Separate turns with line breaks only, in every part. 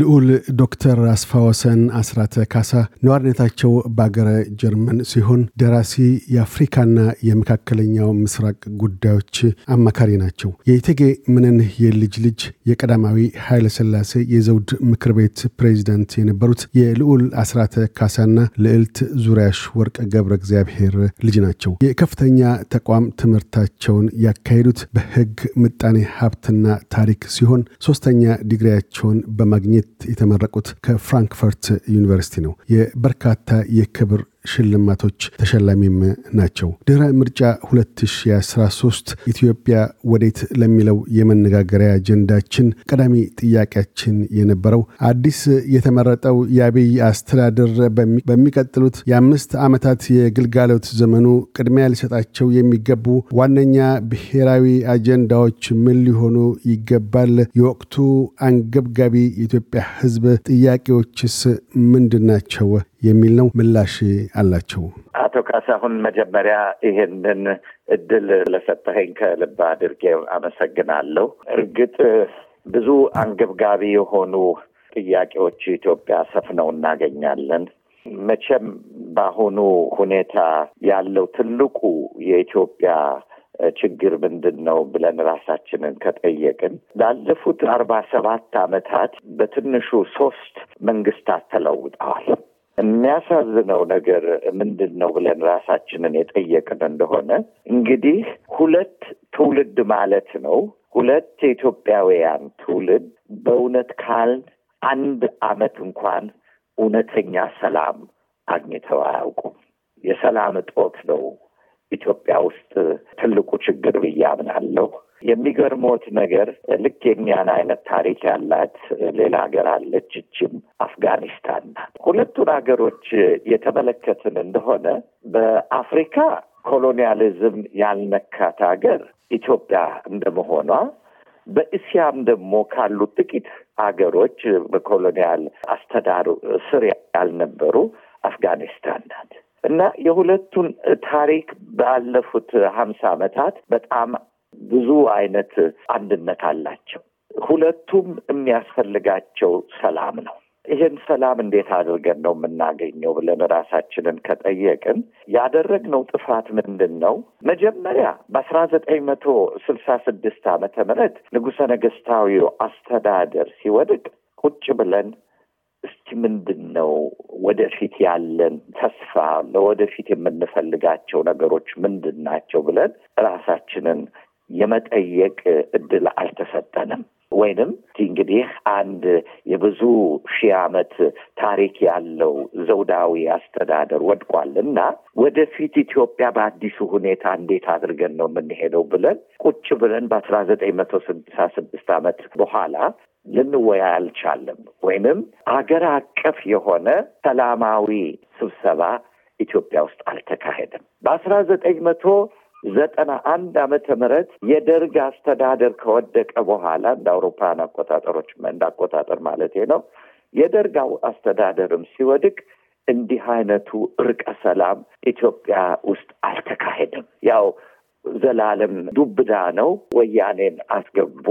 ልዑል ዶክተር አስፋወሰን አስራተ ካሳ ነዋሪነታቸው በአገረ ጀርመን ሲሆን ደራሲ፣ የአፍሪካና የመካከለኛው ምስራቅ ጉዳዮች አማካሪ ናቸው። የኢቴጌ ምንን የልጅ ልጅ የቀዳማዊ ኃይለ ስላሴ የዘውድ ምክር ቤት ፕሬዚደንት የነበሩት የልዑል አስራተ ካሳና ልዕልት ዙሪያሽ ወርቅ ገብረ እግዚአብሔር ልጅ ናቸው። የከፍተኛ ተቋም ትምህርታቸውን ያካሄዱት በህግ ምጣኔ ሀብትና ታሪክ ሲሆን ሶስተኛ ዲግሪያቸውን በማግኘት የተመረቁት ከፍራንክፈርት ዩኒቨርሲቲ ነው። የበርካታ የክብር ሽልማቶች ተሸላሚም ናቸው። ድህረ ምርጫ 2013 ኢትዮጵያ ወዴት ለሚለው የመነጋገሪያ አጀንዳችን ቀዳሚ ጥያቄያችን የነበረው አዲስ የተመረጠው የአብይ አስተዳደር በሚቀጥሉት የአምስት ዓመታት የግልጋሎት ዘመኑ ቅድሚያ ሊሰጣቸው የሚገቡ ዋነኛ ብሔራዊ አጀንዳዎች ምን ሊሆኑ ይገባል? የወቅቱ አንገብጋቢ የኢትዮጵያ ሕዝብ ጥያቄዎችስ ምንድን ናቸው? የሚል ነው። ምላሽ አላቸው።
አቶ ካሳሁን መጀመሪያ ይሄንን እድል ለሰጠኸኝ ከልብ አድርጌ አመሰግናለሁ። እርግጥ ብዙ አንገብጋቢ የሆኑ ጥያቄዎች ኢትዮጵያ ሰፍነው እናገኛለን። መቼም በአሁኑ ሁኔታ ያለው ትልቁ የኢትዮጵያ ችግር ምንድን ነው ብለን ራሳችንን ከጠየቅን ላለፉት አርባ ሰባት ዓመታት በትንሹ ሶስት መንግስታት ተለውጠዋል። የሚያሳዝነው ነገር ምንድን ነው ብለን ራሳችንን የጠየቅን እንደሆነ እንግዲህ ሁለት ትውልድ ማለት ነው። ሁለት የኢትዮጵያውያን ትውልድ በእውነት ካልን አንድ ዓመት እንኳን እውነተኛ ሰላም አግኝተው አያውቁም። የሰላም እጦት ነው ኢትዮጵያ ውስጥ ትልቁ ችግር ብዬ አምናለሁ። የሚገርሞት ነገር ልክ የኛን አይነት ታሪክ ያላት ሌላ ሀገር አለች። እችም አፍጋኒስታን ናት። ሁለቱን ሀገሮች የተመለከትን እንደሆነ በአፍሪካ ኮሎኒያሊዝም ያልነካት ሀገር ኢትዮጵያ እንደመሆኗ በእስያም ደግሞ ካሉ ጥቂት ሀገሮች በኮሎኒያል አስተዳሩ ስር ያልነበሩ አፍጋኒስታን ናት እና የሁለቱን ታሪክ ባለፉት ሀምሳ ዓመታት በጣም ብዙ አይነት አንድነት አላቸው። ሁለቱም የሚያስፈልጋቸው ሰላም ነው። ይህን ሰላም እንዴት አድርገን ነው የምናገኘው ብለን ራሳችንን ከጠየቅን ያደረግነው ጥፋት ምንድን ነው? መጀመሪያ በአስራ ዘጠኝ መቶ ስልሳ ስድስት ዓመተ ምህረት ንጉሠ ነገሥታዊው አስተዳደር ሲወድቅ ቁጭ ብለን እስቲ ምንድን ነው ወደፊት ያለን ተስፋ፣ ለወደፊት የምንፈልጋቸው ነገሮች ምንድን ናቸው ብለን ራሳችንን የመጠየቅ እድል አልተሰጠንም። ወይንም እንግዲህ አንድ የብዙ ሺህ ዓመት ታሪክ ያለው ዘውዳዊ አስተዳደር ወድቋል እና ወደፊት ኢትዮጵያ በአዲሱ ሁኔታ እንዴት አድርገን ነው የምንሄደው ብለን ቁጭ ብለን በአስራ ዘጠኝ መቶ ስድሳ ስድስት ዓመት በኋላ ልንወያ አልቻለም። ወይንም አገር አቀፍ የሆነ ሰላማዊ ስብሰባ ኢትዮጵያ ውስጥ አልተካሄደም። በአስራ ዘጠኝ መቶ ዘጠና አንድ ዓመተ ምህረት የደርግ አስተዳደር ከወደቀ በኋላ እንደ አውሮፓውያን አቆጣጠሮች እንደ አቆጣጠር ማለት ነው የደርግ አስተዳደርም ሲወድቅ እንዲህ አይነቱ እርቀ ሰላም ኢትዮጵያ ውስጥ አልተካሄደም። ያው ዘላለም ዱብዳ ነው። ወያኔን አስገቡ።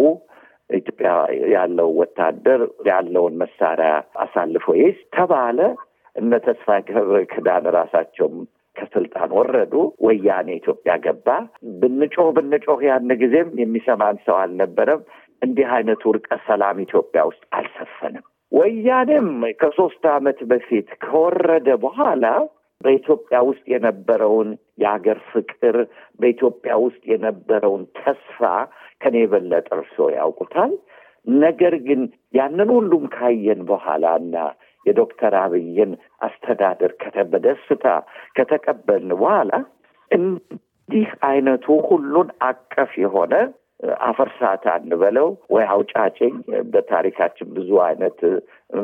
ኢትዮጵያ ያለው ወታደር ያለውን መሳሪያ አሳልፎ ይስ ተባለ። እነ ተስፋ ገብረ ክዳን ራሳቸውም ከስልጣን ወረዱ። ወያኔ ኢትዮጵያ ገባ። ብንጮህ ብንጮህ ያን ጊዜም የሚሰማን ሰው አልነበረም። እንዲህ አይነቱ እርቀት ሰላም ኢትዮጵያ ውስጥ አልሰፈንም። ወያኔም ከሶስት ዓመት በፊት ከወረደ በኋላ በኢትዮጵያ ውስጥ የነበረውን የሀገር ፍቅር በኢትዮጵያ ውስጥ የነበረውን ተስፋ ከኔ የበለጠ እርሶ ያውቁታል። ነገር ግን ያንን ሁሉም ካየን በኋላ እና የዶክተር አብይን አስተዳደር ከተበደስታ ከተቀበልን በኋላ እንዲህ አይነቱ ሁሉን አቀፍ የሆነ አፈርሳታ እንበለው ወይ አውጫጭኝ፣ በታሪካችን ብዙ አይነት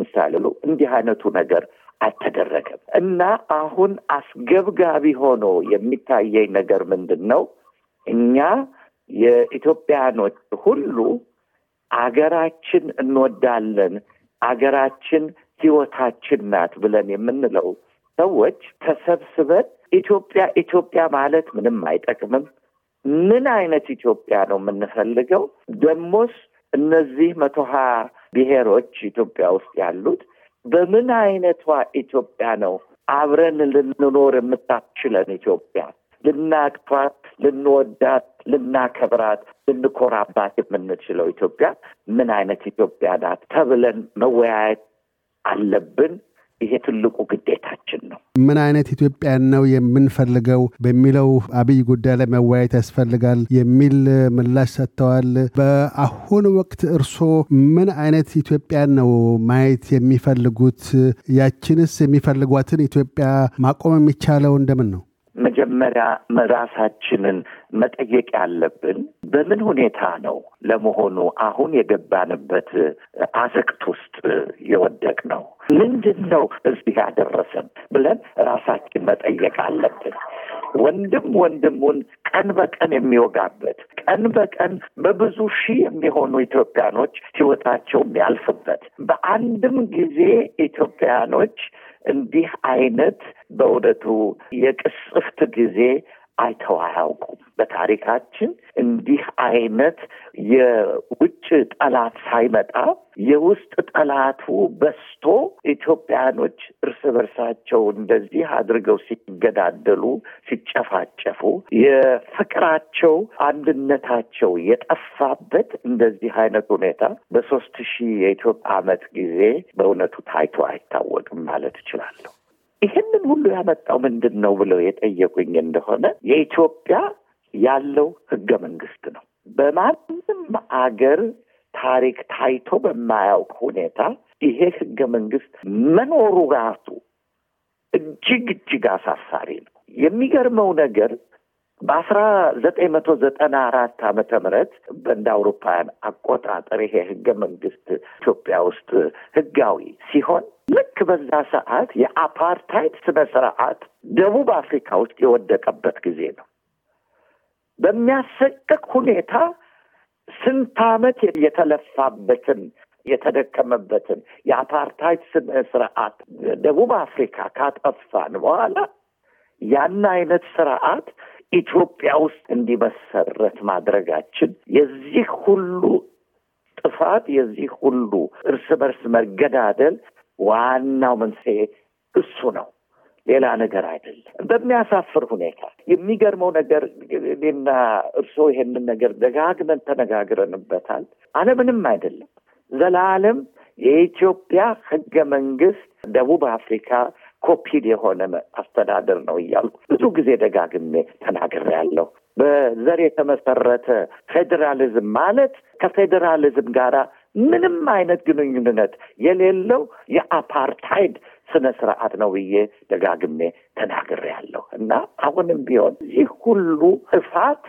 ምሳሌሉ እንዲህ አይነቱ ነገር አልተደረገም እና አሁን አስገብጋቢ ሆኖ የሚታየኝ ነገር ምንድን ነው? እኛ የኢትዮጵያኖች ሁሉ አገራችን እንወዳለን፣ አገራችን ህይወታችን ናት ብለን የምንለው ሰዎች ተሰብስበን ኢትዮጵያ ኢትዮጵያ ማለት ምንም አይጠቅምም። ምን አይነት ኢትዮጵያ ነው የምንፈልገው? ደግሞስ እነዚህ መቶ ሀያ ብሔሮች ኢትዮጵያ ውስጥ ያሉት በምን አይነቷ ኢትዮጵያ ነው አብረን ልንኖር የምታችለን ኢትዮጵያ ልናቅቷት፣ ልንወዳት፣ ልናከብራት፣ ልንኮራባት የምንችለው ኢትዮጵያ ምን አይነት ኢትዮጵያ ናት ተብለን መወያየት አለብን። ይሄ ትልቁ ግዴታችን
ነው። ምን አይነት ኢትዮጵያን ነው የምንፈልገው በሚለው አብይ ጉዳይ ላይ መወያየት ያስፈልጋል የሚል ምላሽ ሰጥተዋል። በአሁኑ ወቅት እርስዎ ምን አይነት ኢትዮጵያን ነው ማየት የሚፈልጉት? ያችንስ የሚፈልጓትን ኢትዮጵያ ማቆም የሚቻለው እንደምን ነው?
መጀመሪያ ራሳችንን መጠየቅ ያለብን በምን ሁኔታ ነው ለመሆኑ አሁን የገባንበት አዘቅት ውስጥ የወደቅ ነው? ምንድን ነው እዚህ ያደረሰን ብለን ራሳችን መጠየቅ አለብን። ወንድም ወንድሙን ቀን በቀን የሚወጋበት ቀን በቀን በብዙ ሺህ የሚሆኑ ኢትዮጵያኖች ሕይወታቸው የሚያልፍበት በአንድም ጊዜ ኢትዮጵያኖች እንዲህ አይነት በእውነቱ የቅጽፍት ጊዜ አይተው አያውቁም። በታሪካችን እንዲህ አይነት የውጭ ጠላት ሳይመጣ የውስጥ ጠላቱ በስቶ ኢትዮጵያኖች እርስ በርሳቸው እንደዚህ አድርገው ሲገዳደሉ፣ ሲጨፋጨፉ የፍቅራቸው አንድነታቸው የጠፋበት እንደዚህ አይነት ሁኔታ በሶስት ሺህ የኢትዮጵያ ዓመት ጊዜ በእውነቱ ታይቶ አይታወቅም ማለት እችላለሁ። ሁሉ ያመጣው ምንድን ነው ብለው የጠየቁኝ እንደሆነ የኢትዮጵያ ያለው ህገ መንግስት ነው። በማንም አገር ታሪክ ታይቶ በማያውቅ ሁኔታ ይሄ ህገ መንግስት መኖሩ ራሱ እጅግ እጅግ አሳሳሪ ነው። የሚገርመው ነገር በአስራ ዘጠኝ መቶ ዘጠና አራት ዓመተ ምህረት በእንደ አውሮፓውያን አቆጣጠር ይሄ ህገ መንግስት ኢትዮጵያ ውስጥ ህጋዊ ሲሆን ልክ በዛ ሰዓት የአፓርታይድ ስነ ስርዓት ደቡብ አፍሪካ ውስጥ የወደቀበት ጊዜ ነው። በሚያሰቅቅ ሁኔታ ስንት ዓመት የተለፋበትን የተደከመበትን የአፓርታይድ ስነ ስርዓት ደቡብ አፍሪካ ካጠፋን በኋላ ያን አይነት ስርዓት ኢትዮጵያ ውስጥ እንዲመሰረት ማድረጋችን የዚህ ሁሉ ጥፋት የዚህ ሁሉ እርስ በርስ መገዳደል ዋናው መንስኤ እሱ ነው። ሌላ ነገር አይደለም። በሚያሳፍር ሁኔታ የሚገርመው ነገር እኔና እርስዎ ይሄንን ነገር ደጋግመን ተነጋግረንበታል። አለ ምንም አይደለም። ዘላለም የኢትዮጵያ ህገ መንግስት ደቡብ አፍሪካ ኮፒድ የሆነ አስተዳደር ነው እያልኩ ብዙ ጊዜ ደጋግሜ ተናግሬያለሁ። በዘር የተመሰረተ ፌዴራሊዝም ማለት ከፌዴራሊዝም ጋራ ምንም አይነት ግንኙነት የሌለው የአፓርታይድ ስነ ስርዓት ነው ብዬ ደጋግሜ ያለሁ እና አሁንም ቢሆን ይህ ሁሉ እፋት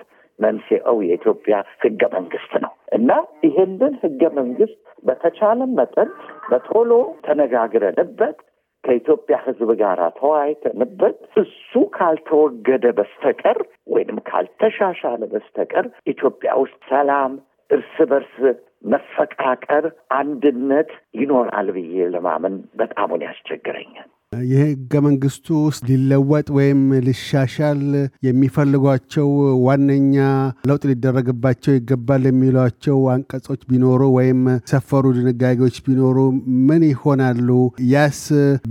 መንስኤው የኢትዮጵያ ህገ መንግስት ነው እና ይህንን ህገ መንግስት በተቻለ መጠን በቶሎ ተነጋግረንበት ከኢትዮጵያ ህዝብ ጋር ተወያይተንበት እሱ ካልተወገደ በስተቀር ወይንም ካልተሻሻለ በስተቀር ኢትዮጵያ ውስጥ ሰላም፣ እርስ በርስ መፈቃቀር፣ አንድነት ይኖራል ብዬ ለማመን በጣም ያስቸግረኛል።
የህገ መንግስቱ ውስጥ ሊለወጥ ወይም ሊሻሻል የሚፈልጓቸው ዋነኛ ለውጥ ሊደረግባቸው ይገባል የሚሏቸው አንቀጾች ቢኖሩ ወይም ሰፈሩ ድንጋጌዎች ቢኖሩ ምን ይሆናሉ? ያስ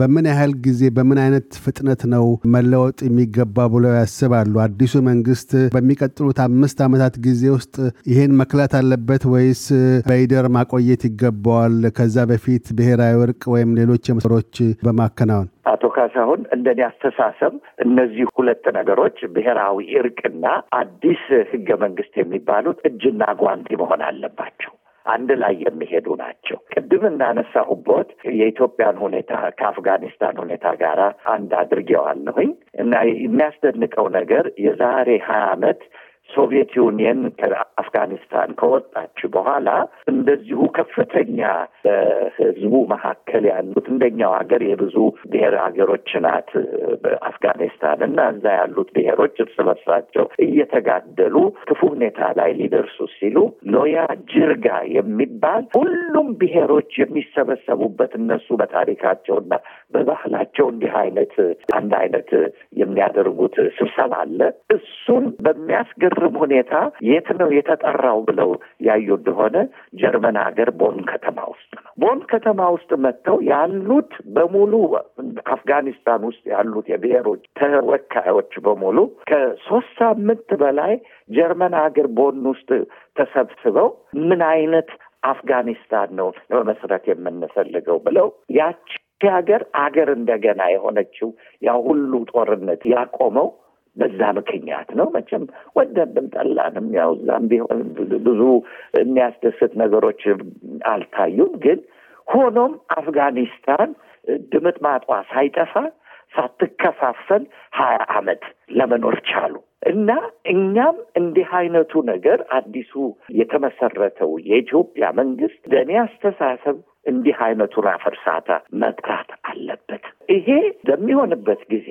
በምን ያህል ጊዜ በምን አይነት ፍጥነት ነው መለወጥ የሚገባ ብለው ያስባሉ? አዲሱ መንግስት በሚቀጥሉት አምስት ዓመታት ጊዜ ውስጥ ይህን መክላት አለበት ወይስ በይደር ማቆየት ይገባዋል? ከዛ በፊት ብሔራዊ እርቅ ወይም ሌሎች የመሰሮች በማከናወን
ካሳሁን? አቶ ካሳሁን እንደኔ አስተሳሰብ እነዚህ ሁለት ነገሮች ብሔራዊ እርቅና አዲስ ህገ መንግስት የሚባሉት እጅና ጓንቲ መሆን አለባቸው። አንድ ላይ የሚሄዱ ናቸው። ቅድም እንዳነሳሁበት የኢትዮጵያን ሁኔታ ከአፍጋኒስታን ሁኔታ ጋር አንድ አድርጌዋለሁኝ እና የሚያስደንቀው ነገር የዛሬ ሀያ ዓመት ሶቪየት ዩኒየን ከአፍጋኒስታን ከወጣች በኋላ እንደዚሁ ከፍተኛ በህዝቡ መካከል ያሉት እንደኛው ሀገር የብዙ ብሔር ሀገሮች ናት በአፍጋኒስታን እና እዛ ያሉት ብሔሮች እርስ በርሳቸው እየተጋደሉ ክፉ ሁኔታ ላይ ሊደርሱ ሲሉ ሎያ ጅርጋ የሚባል ሁሉም ብሔሮች የሚሰበሰቡበት እነሱ በታሪካቸውና በባህላቸው እንዲህ አይነት አንድ አይነት የሚያደርጉት ስብሰባ አለ። እሱን በሚያስገር በሚገርም ሁኔታ የት ነው የተጠራው ብለው ያዩ እንደሆነ ጀርመን ሀገር ቦን ከተማ ውስጥ ነው። ቦን ከተማ ውስጥ መጥተው ያሉት በሙሉ አፍጋኒስታን ውስጥ ያሉት የብሔሮች ተወካዮች በሙሉ ከሶስት ሳምንት በላይ ጀርመን ሀገር ቦን ውስጥ ተሰብስበው ምን አይነት አፍጋኒስታን ነው ለመመስረት የምንፈልገው ብለው ያች ሀገር አገር እንደገና የሆነችው ያ ሁሉ ጦርነት ያቆመው በዛ ምክንያት ነው። መቼም ወደድም ጠላንም ያው እዛም ቢሆን ብዙ የሚያስደስት ነገሮች አልታዩም። ግን ሆኖም አፍጋኒስታን ድምጥ ማጧ ሳይጠፋ ሳትከፋፈል ሀያ አመት ለመኖር ቻሉ እና እኛም እንዲህ አይነቱ ነገር አዲሱ የተመሰረተው የኢትዮጵያ መንግስት ለእኔ አስተሳሰብ እንዲህ አይነቱን አፈርሳታ መጥራት አለበት። ይሄ በሚሆንበት ጊዜ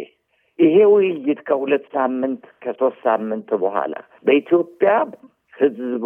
ይሄ ውይይት ከሁለት ሳምንት ከሶስት ሳምንት በኋላ በኢትዮጵያ ህዝብ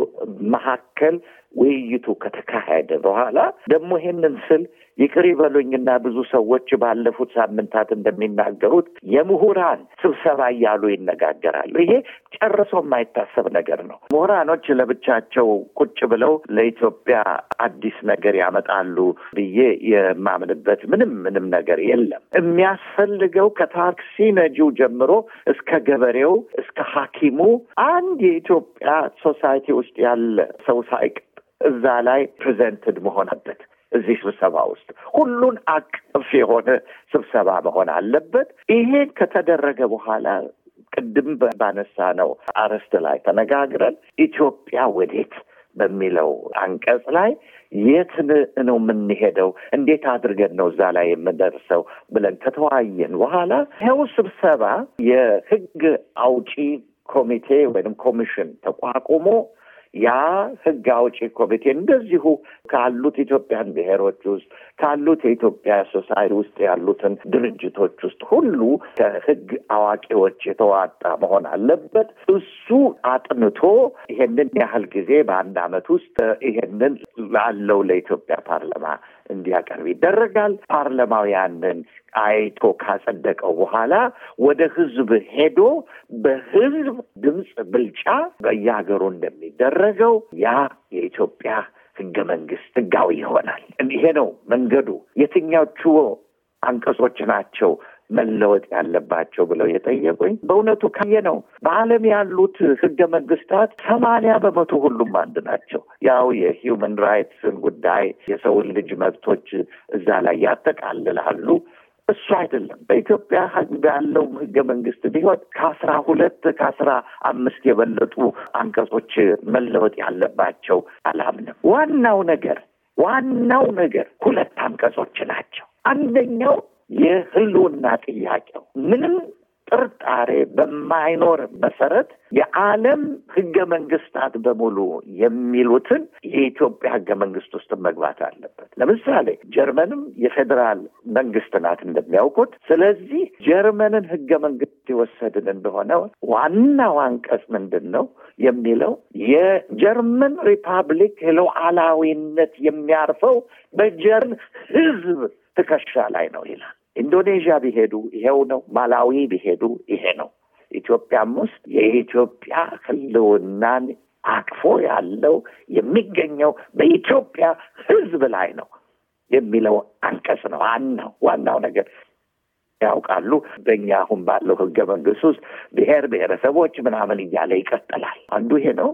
መካከል ውይይቱ ከተካሄደ በኋላ ደግሞ ይሄንን ስል ይቅር ይበሉኝና ብዙ ሰዎች ባለፉት ሳምንታት እንደሚናገሩት የምሁራን ስብሰባ እያሉ ይነጋገራሉ። ይሄ ጨርሶ የማይታሰብ ነገር ነው። ምሁራኖች ለብቻቸው ቁጭ ብለው ለኢትዮጵያ አዲስ ነገር ያመጣሉ ብዬ የማምንበት ምንም ምንም ነገር የለም። የሚያስፈልገው ከታክሲ ነጂው ጀምሮ እስከ ገበሬው፣ እስከ ሐኪሙ አንድ የኢትዮጵያ ሶሳይቲ ውስጥ ያለ ሰው ሳይቅ እዛ ላይ ፕሬዘንትድ መሆን አለበት። እዚህ ስብሰባ ውስጥ ሁሉን አቀፍ የሆነ ስብሰባ መሆን አለበት። ይሄን ከተደረገ በኋላ ቅድም ባነሳ ነው አርዕስት ላይ ተነጋግረን ኢትዮጵያ ወዴት በሚለው አንቀጽ ላይ የት ነው የምንሄደው፣ እንዴት አድርገን ነው እዛ ላይ የምንደርሰው ብለን ከተወያየን በኋላ ይኸው ስብሰባ የህግ አውጪ ኮሚቴ ወይም ኮሚሽን ተቋቁሞ ያ ህግ አውጪ ኮሚቴ እንደዚሁ ካሉት ኢትዮጵያን ብሔሮች ውስጥ ካሉት የኢትዮጵያ ሶሳይቲ ውስጥ ያሉትን ድርጅቶች ውስጥ ሁሉ ከህግ አዋቂዎች የተዋጣ መሆን አለበት። እሱ አጥንቶ ይሄንን ያህል ጊዜ በአንድ አመት ውስጥ ይሄንን ላለው ለኢትዮጵያ ፓርላማ እንዲያቀርብ ይደረጋል። ፓርላማው ያንን አይቶ ካጸደቀው በኋላ ወደ ህዝብ ሄዶ በህዝብ ድምፅ ብልጫ በየሀገሩ እንደሚደረገው ያ የኢትዮጵያ ህገ መንግስት ህጋዊ ይሆናል። ይሄ ነው መንገዱ። የትኛዎቹ አንቀጾች ናቸው መለወጥ ያለባቸው ብለው የጠየቁኝ በእውነቱ ካየ ነው በዓለም ያሉት ህገ መንግስታት ሰማንያ በመቶ ሁሉም አንድ ናቸው። ያው የሂውመን ራይትስን ጉዳይ የሰውን ልጅ መብቶች እዛ ላይ ያጠቃልላሉ። እሱ አይደለም። በኢትዮጵያ ያለው ህገ መንግስት ቢሆን ከአስራ ሁለት ከአስራ አምስት የበለጡ አንቀጾች መለወጥ ያለባቸው አላምንም። ዋናው ነገር ዋናው ነገር ሁለት አንቀጾች ናቸው። አንደኛው የህልውና ጥያቄው ምንም ጥርጣሬ በማይኖር መሰረት የዓለም ህገ መንግስታት በሙሉ የሚሉትን የኢትዮጵያ ህገ መንግስት ውስጥ መግባት አለበት። ለምሳሌ ጀርመንም የፌዴራል መንግስት ናት እንደሚያውቁት። ስለዚህ ጀርመንን ህገ መንግስት የወሰድን እንደሆነ ዋናው አንቀጽ ምንድን ነው የሚለው የጀርመን ሪፐብሊክ ሉዓላዊነት የሚያርፈው በጀርመን ህዝብ ትከሻ ላይ ነው ይላል። ኢንዶኔዥያ ቢሄዱ ይሄው ነው። ማላዊ ቢሄዱ ይሄ ነው። ኢትዮጵያም ውስጥ የኢትዮጵያ ሕልውናን አቅፎ ያለው የሚገኘው በኢትዮጵያ ሕዝብ ላይ ነው የሚለው አንቀጽ ነው። ዋናው ዋናው ነገር ያውቃሉ። በእኛ አሁን ባለው ሕገ መንግስት ውስጥ ብሔር ብሔረሰቦች ምናምን እያለ ይቀጥላል። አንዱ ይሄ ነው።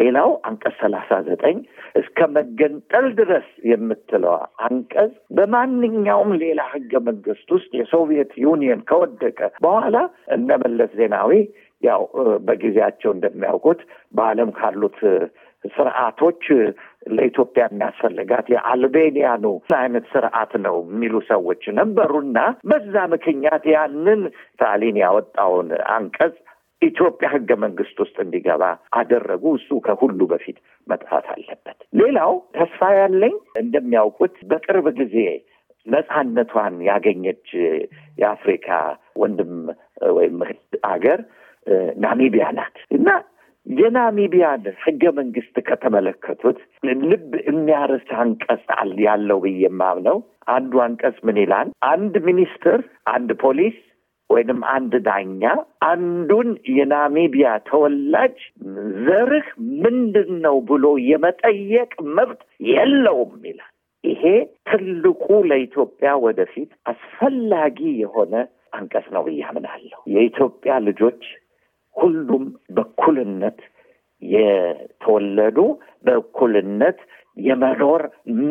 ሌላው አንቀጽ ሰላሳ ዘጠኝ እስከ መገንጠል ድረስ የምትለዋ አንቀጽ በማንኛውም ሌላ ህገ መንግስት ውስጥ የሶቪየት ዩኒየን ከወደቀ በኋላ እነ መለስ ዜናዊ ያው በጊዜያቸው እንደሚያውቁት በዓለም ካሉት ስርዓቶች ለኢትዮጵያ የሚያስፈልጋት የአልቤኒያኑ አይነት ስርዓት ነው የሚሉ ሰዎች ነበሩና በዛ ምክንያት ያንን ስታሊን ያወጣውን አንቀጽ ኢትዮጵያ ህገ መንግስት ውስጥ እንዲገባ አደረጉ። እሱ ከሁሉ በፊት መጥፋት አለበት። ሌላው ተስፋ ያለኝ እንደሚያውቁት በቅርብ ጊዜ ነፃነቷን ያገኘች የአፍሪካ ወንድም ወይም አገር ናሚቢያ ናት እና የናሚቢያን ህገ መንግስት ከተመለከቱት ልብ የሚያርስ አንቀጽ ያለው ብዬ የማምነው አንዱ አንቀጽ ምን ይላል? አንድ ሚኒስትር፣ አንድ ፖሊስ ወይንም አንድ ዳኛ አንዱን የናሚቢያ ተወላጅ ዘርህ ምንድን ነው ብሎ የመጠየቅ መብት የለውም ይላል። ይሄ ትልቁ ለኢትዮጵያ ወደፊት አስፈላጊ የሆነ አንቀጽ ነው ብዬ አምናለሁ። የኢትዮጵያ ልጆች ሁሉም በኩልነት የተወለዱ በእኩልነት የመኖር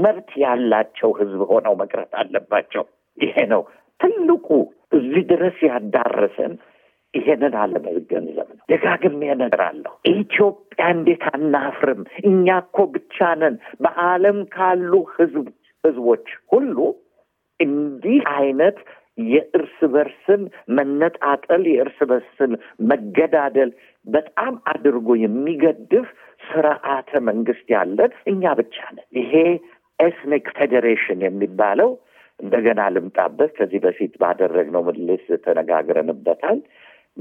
መብት ያላቸው ሕዝብ ሆነው መቅረት አለባቸው። ይሄ ነው ትልቁ እዚህ ድረስ ያዳረሰን ይሄንን አለመገንዘብ ነው። ደጋግሜ እነግራለሁ። ኢትዮጵያ እንዴት አናፍርም? እኛ እኮ ብቻ ነን በዓለም ካሉ ህዝብ ህዝቦች ሁሉ እንዲህ አይነት የእርስ በርስን መነጣጠል፣ የእርስ በርስን መገዳደል በጣም አድርጎ የሚገድፍ ስርዓተ መንግስት ያለን እኛ ብቻ ነን። ይሄ ኤስኒክ ፌዴሬሽን የሚባለው እንደገና ልምጣበት። ከዚህ በፊት ባደረግነው ምልልስ ተነጋግረንበታል።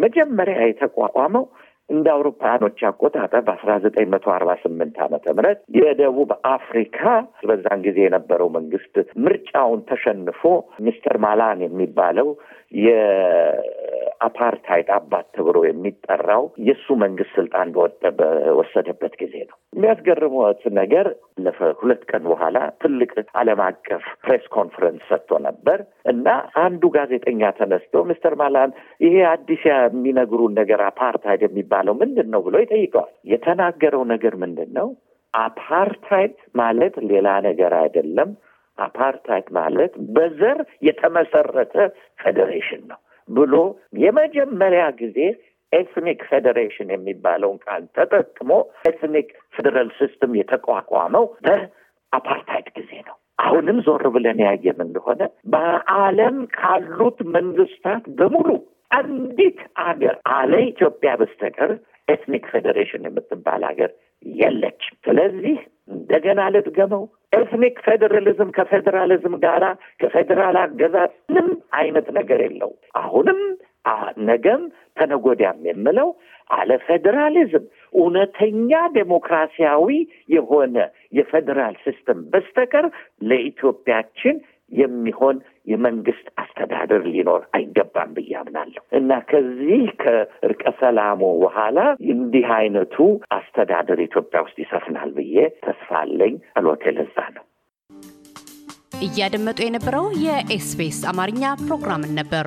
መጀመሪያ የተቋቋመው እንደ አውሮፓውያኖች አቆጣጠር በአስራ ዘጠኝ መቶ አርባ ስምንት ዓመተ ምህረት የደቡብ አፍሪካ በዛን ጊዜ የነበረው መንግስት ምርጫውን ተሸንፎ ሚስተር ማላን የሚባለው የአፓርታይድ አባት ተብሎ የሚጠራው የእሱ መንግስት ስልጣን በወሰደበት ጊዜ ነው። የሚያስገርሙት ነገር ሁለት ቀን በኋላ ትልቅ ዓለም አቀፍ ፕሬስ ኮንፈረንስ ሰጥቶ ነበር እና አንዱ ጋዜጠኛ ተነስቶ ሚስተር ማላን ይሄ አዲስ የሚነግሩን ነገር አፓርታይድ የሚባለው ምንድን ነው ብሎ ይጠይቀዋል። የተናገረው ነገር ምንድን ነው? አፓርታይድ ማለት ሌላ ነገር አይደለም አፓርታይድ ማለት በዘር የተመሰረተ ፌዴሬሽን ነው ብሎ የመጀመሪያ ጊዜ ኤትኒክ ፌዴሬሽን የሚባለውን ቃል ተጠቅሞ ኤትኒክ ፌዴራል ሲስተም የተቋቋመው በአፓርታይድ ጊዜ ነው። አሁንም ዞር ብለን ያየም እንደሆነ በዓለም ካሉት መንግስታት በሙሉ አንዲት አገር አለ ኢትዮጵያ በስተቀር ኤትኒክ ፌዴሬሽን የምትባል ሀገር የለችም። ስለዚህ እንደገና ልድገመው፣ ኤትኒክ ፌዴራሊዝም ከፌዴራሊዝም ጋር ከፌዴራል አገዛዝ ምንም አይነት ነገር የለው። አሁንም ነገም ተነጎዳም የምለው አለ ፌዴራሊዝም እውነተኛ ዴሞክራሲያዊ የሆነ የፌዴራል ሲስተም በስተቀር ለኢትዮጵያችን የሚሆን የመንግስት አስተዳደር ሊኖር አይገባም ብዬ አምናለሁ እና ከዚህ ከእርቀ ሰላሙ በኋላ እንዲህ አይነቱ አስተዳደር ኢትዮጵያ ውስጥ ይሰፍናል ብዬ ተስፋ አለኝ። ጸሎቴ ለዛ ነው።
እያደመጡ የነበረው የኤስቢኤስ አማርኛ ፕሮግራምን ነበር።